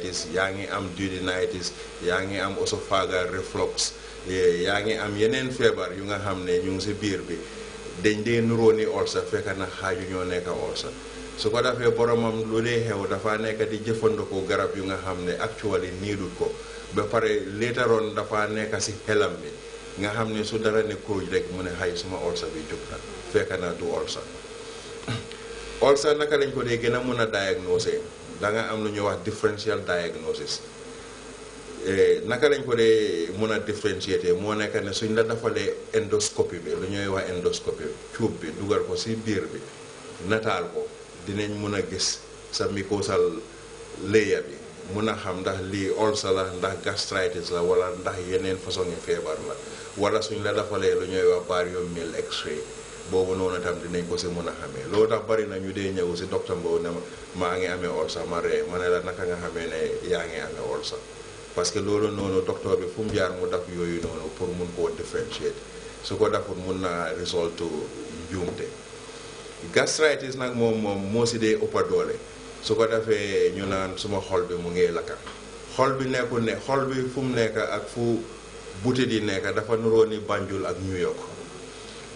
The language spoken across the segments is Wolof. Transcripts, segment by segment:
yaa ngi am duodenitis yaa ngi am esophageal reflux eh, yaa ngi am yeneen feebar yu nga xam ne ñu ngi si biir bi dañ dee nuroo ni ulcer fekk na xaaju ñoo nekk ulcer su ko defee boromam lu dee xew dafa nekk di jëfandikoo garab yu nga xam ne actually niidut ko ba pare leetaroon dafa nekk si xelam bi nga xam ne su dara ne kuruj rek mu ne xay suma ulcer bi jub na fekk na du ulcer ulcer naka lañ ko dee gën a mun a diagnoser danga am lu ñuy wax differential diagnosis eh, naka lañ ko dee mën a différencier moo nekk ne suñ la defalee endoscopie bi lu ñuy wax endoscopie cuub bi dugal ko si biir bi nataal ko dinañ mën a gis sa mucosal layer bi mën a xam ndax lii ulcer la ndax gastritis la wala ndax yeneen façon yi feebar la wala suñ la defalee lu ñuy wax barium meal x boobu noonu tam dinañ ko si mën a xamee loo tax bari na ñu dee ñëw si docteur Mbow ne maa ngi amee ol sax ma ree ma ne la naka nga xamee ne yaa ngi amee ol sax parce que loolu noonu docteur bi fu jaar mu daf yooyu noonu pour mun koo differentiate su ko dafut mun naa résolte njuumte gastritis nag moom moom moo si dee ëpp doole su ko defee ñu naan suma xol bi mu ngi lakka xol bi nekkul ne xol bi fu mu nekk ak fu butit yi nekk dafa nuroo ni Banjul ak New York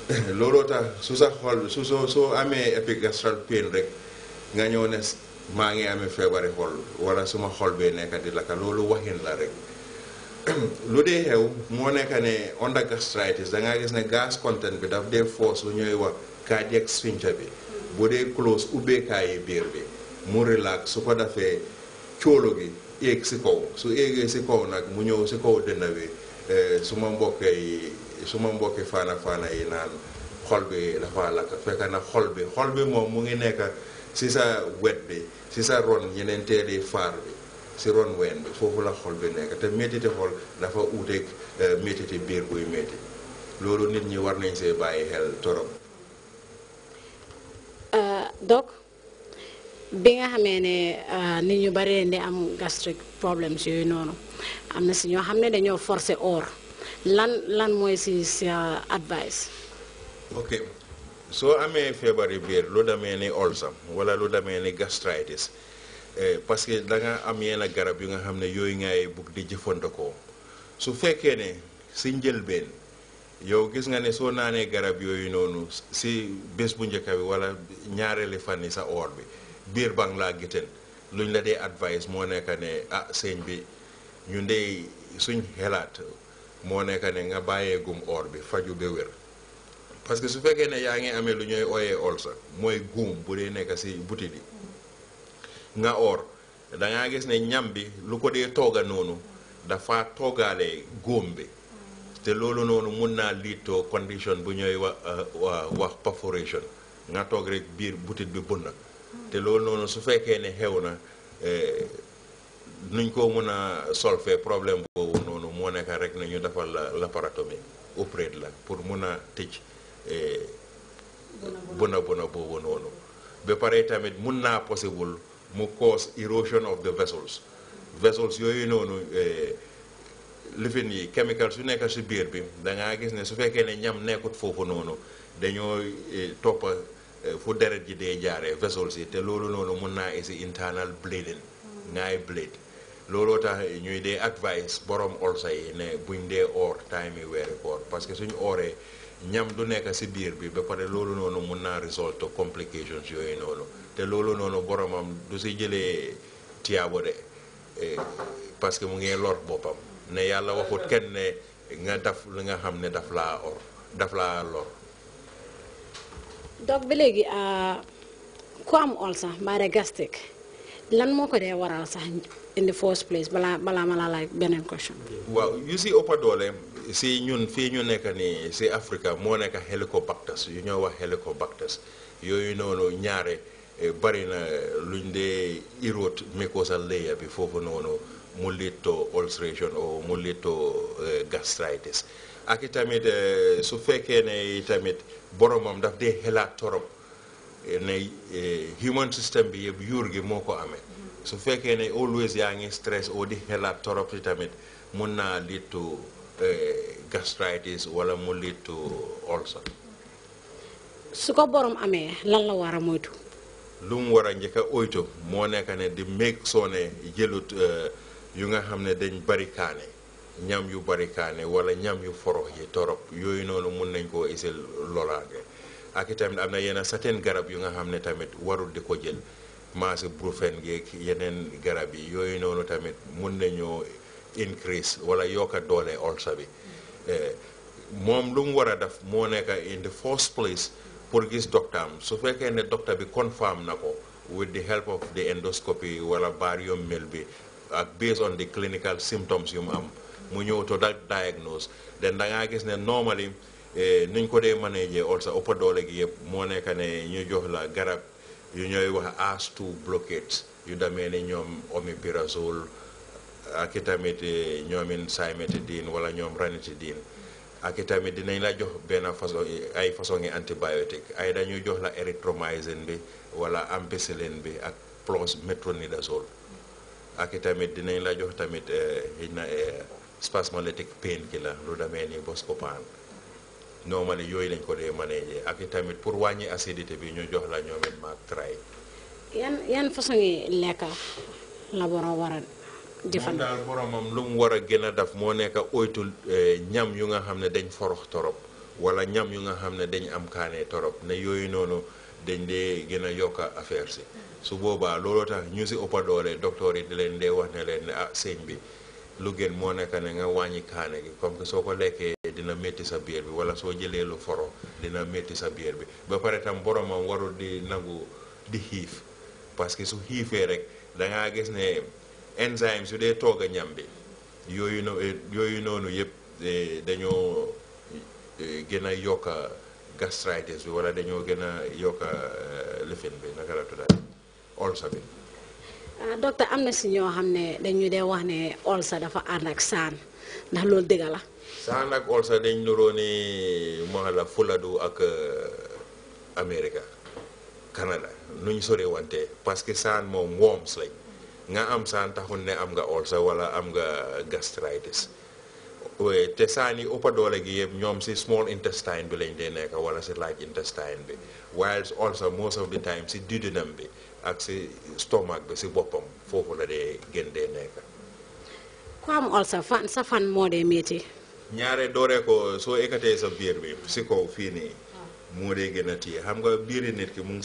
looloo tax su sa xol su soo soo amee epigastral pain rek nga ñëw ne maa ngi amee feebari xol wala suma xol bee nekk di lakka loolu waxin la rek lu dee xew moo nekk ne under gastritis da ngaa gis ne gas content bi daf dee force lu ñooy wax cardiac sphincter bi bu dee close ubbeekaayi biir bi mu relax su ko defee cóolo gi éeg si kaw su éegee si kaw nag mu ñëw si kaw dënna bi eh, su ma mbokk suma mbokki faana faana yi naan xol bi dafa lakk fekk na xol bi xol bi moom mu ngi nekk si sa wet bi ci sa ron yeneen teeli faar bi si ron wen bi foofu la xol bi nekk te métiti xol dafa uuteeg eh, métiti biir buy métti loolu nit ñi war nañ see bàyyi xel torop euh, donc bi nga xamee ne euh, nit ñu baree ni am gastric problems yooyu noonu am na si ñoo xam ne dañoo forcer or lan lan mooy si sa uh, advice. ok soo amee feebari biir lu demee ni olsam wala lu demee ni gastritis eh, parce que da nga am yenn garab yu nga xam ne yooyu ngay bugg di jëfandikoo su fekkee ne si njëlbeen yow gis nga ne soo naanee garab yooyu noonu si bés bu njëkk bi wala ñaareeli fan yi sa oor bi biir ba nga laa giteel luñ la dee advice moo nekk ne ah sëñ bi ñu ndey suñ xelaat. moo nekk ne nga bàyyee gum or bi faju ba wér que su fekkee ne yaa ngi amee lu ñooy ooyee ol sax mooy guum bu dee nekk si butit yi nga oor da gis ne ñam bi lu ko dee tooga noonu dafa toogaale góom bi te loolu noonu mun naa liitoo condition bu ñooy wax euh, wax perforation nga toog rek biir butit bi bun na te loolu noonu su fekkee ne xew na eh, nuñ ko mun a solver problème moo nekk rek na ñu defal la laparotomie auprès de la pour mun a tëj eh, bona bona boobu noonu ba pare tamit mun naa possible mu cause erosion of the vessels vessels yooyu noonu eh, lifin yi chemical su nekk si biir bi da ngaa gis ne su fekkee ne ñam nekkut foofu noonu dañoo eh, toppa fu deret ji dee jaaree vessels yi te loolu noonu mun naa isi internal bleeding ngaay bleed looloo tax ñuy dee advice borom olsa yi ne buñ dee oor time yi weeri koor parce que suñu ooree ñam du nekk si biir bi ba pare loolu noonu mun naa result to complications yooyu noonu te loolu noonu boroomam du si jëlee tiyaabo de eh, parce que mu ngi lor boppam ne yàlla waxut kenn ne nga daf li nga xam ne daf laa or daf laa lor. donc ba léegi euh, ku am olsa mbaa gastrique lan moo ko dee waral sax in the first place balaa ma laa laaj beneen question. waaw yu si ëpp doole si ñun fii ñu nekk nii si Afrique moo nekk helicobacters yu ñoo wax helicobacters yooyu noonu ñaare eh, bari na luñ dee erode mucosal layer bi foofu noonu mu lead to ulceration o mu lead to eh, gastritis ak itamit eh, su fekkee ne tamit boromam daf dee xelaat torop ne eh, human system bi yëpp yuur gi moo ko amee su fekkee ne always yaa ngi stress oo di xelaat torop si tamit mun naa lead eh, to gastritis wala mu lead to ulcer su ko borom amee lan la war a moytu lu mu war a njëkk a oytu moo nekk ne di make soone ne jëlut eh, yu nga xam ne dañ bari kaane ñam yu bari kaane wala ñam yu forox yi torop yooyu noonu mun nañ koo isi lolaange ak itamit am na yenn certain garab yu nga xam ne tamit warul di ko jël maase brufen geeg yeneen garab yi yooyu noonu tamit mun nañoo increase wala yokka doole ulcer bi eh, moom lu mu war a def moo in the first place pour gis doctaam su fekkee ne docteur bi confirm na ko with the help of the endoscopy wala barium mil bi ak based on the clinical symptoms yu mu am mu ñëw to diagnose then da ngaa gis ne normally Eh, nuñ ko dee manager also ëpp doole gi yëpp moo nekk ne ñu jox la garab yu ñooy wax as to blockades yu demee ni ñoom omeprazole ak itamit eh, ñoomin cimetidine wala ñoom ranitidine ak itamit dinañ la jox benn façon ay façon yi antibiotique ay dañuy jox la erythromycine bi wala ampicilline bi ak plus metronidazole ak itamit dinañ la jox tamit xëy eh, na spasmolytic pain la lu demee ni boscopan normally yooyu lañ ko dee managé ak itamit pour wàññi acidité bi ñu jox la ñoom it maag try yan yan façon yi lekka la borom war a jëfandikoo daal lu mu war a gën a daf moo nekk oytul eh, ñam yu nga xam ne dañ forox torop wala ñam yu nga xam ne dañ am kaanee torop ne yooyu noonu dañ dee gën a yokk affaire si su boobaa looloo tax ñu si ëppa doole docteur yi di leen dee wax ne leen ne ah sëñ bi lu gën moo nekk ne nga wàññi kaane gi comme que soo ko lekkee dina métti sa biir bi wala soo jëlee lu foro dina métti sa biir bi ba pare tam boromam warul di nagu di xiif parce que su xiifee rek da ngaa gis ne enzyme su dee toog ñam bi yooyu yooyu noonu yëpp e, dañoo e, gën a yokk a bi wala dañoo gën a yokk a e, lifin bi naka la tuddaat ulcer bi Ah, docteur am na si ñoo xam ne dañuy dee wax ne olsa dafa ànd ak saan ndax loolu dëgg la. saan ak olsa dañ nuroo ni moo la fuladu ak euh, Amérique Canada nuñ sore wante parce que saan moom worms lañ nga am saan taxul ne am nga olsa wala am nga gastritis. te saan yi ëppa doole gi yëpp ñoom si small intestine bi lañ dee nekk wala si large intestine bi whilst sa most of the time si duodenum bi ak si stomach bi si boppam foofu la dee gën dee nekk ku am ulcer fan sa fan moo dee métti ñaare dooree ko soo ekkatee sa biir bi si kaw fii nii moo dee gën a téye xam nga biiri nit ki mu si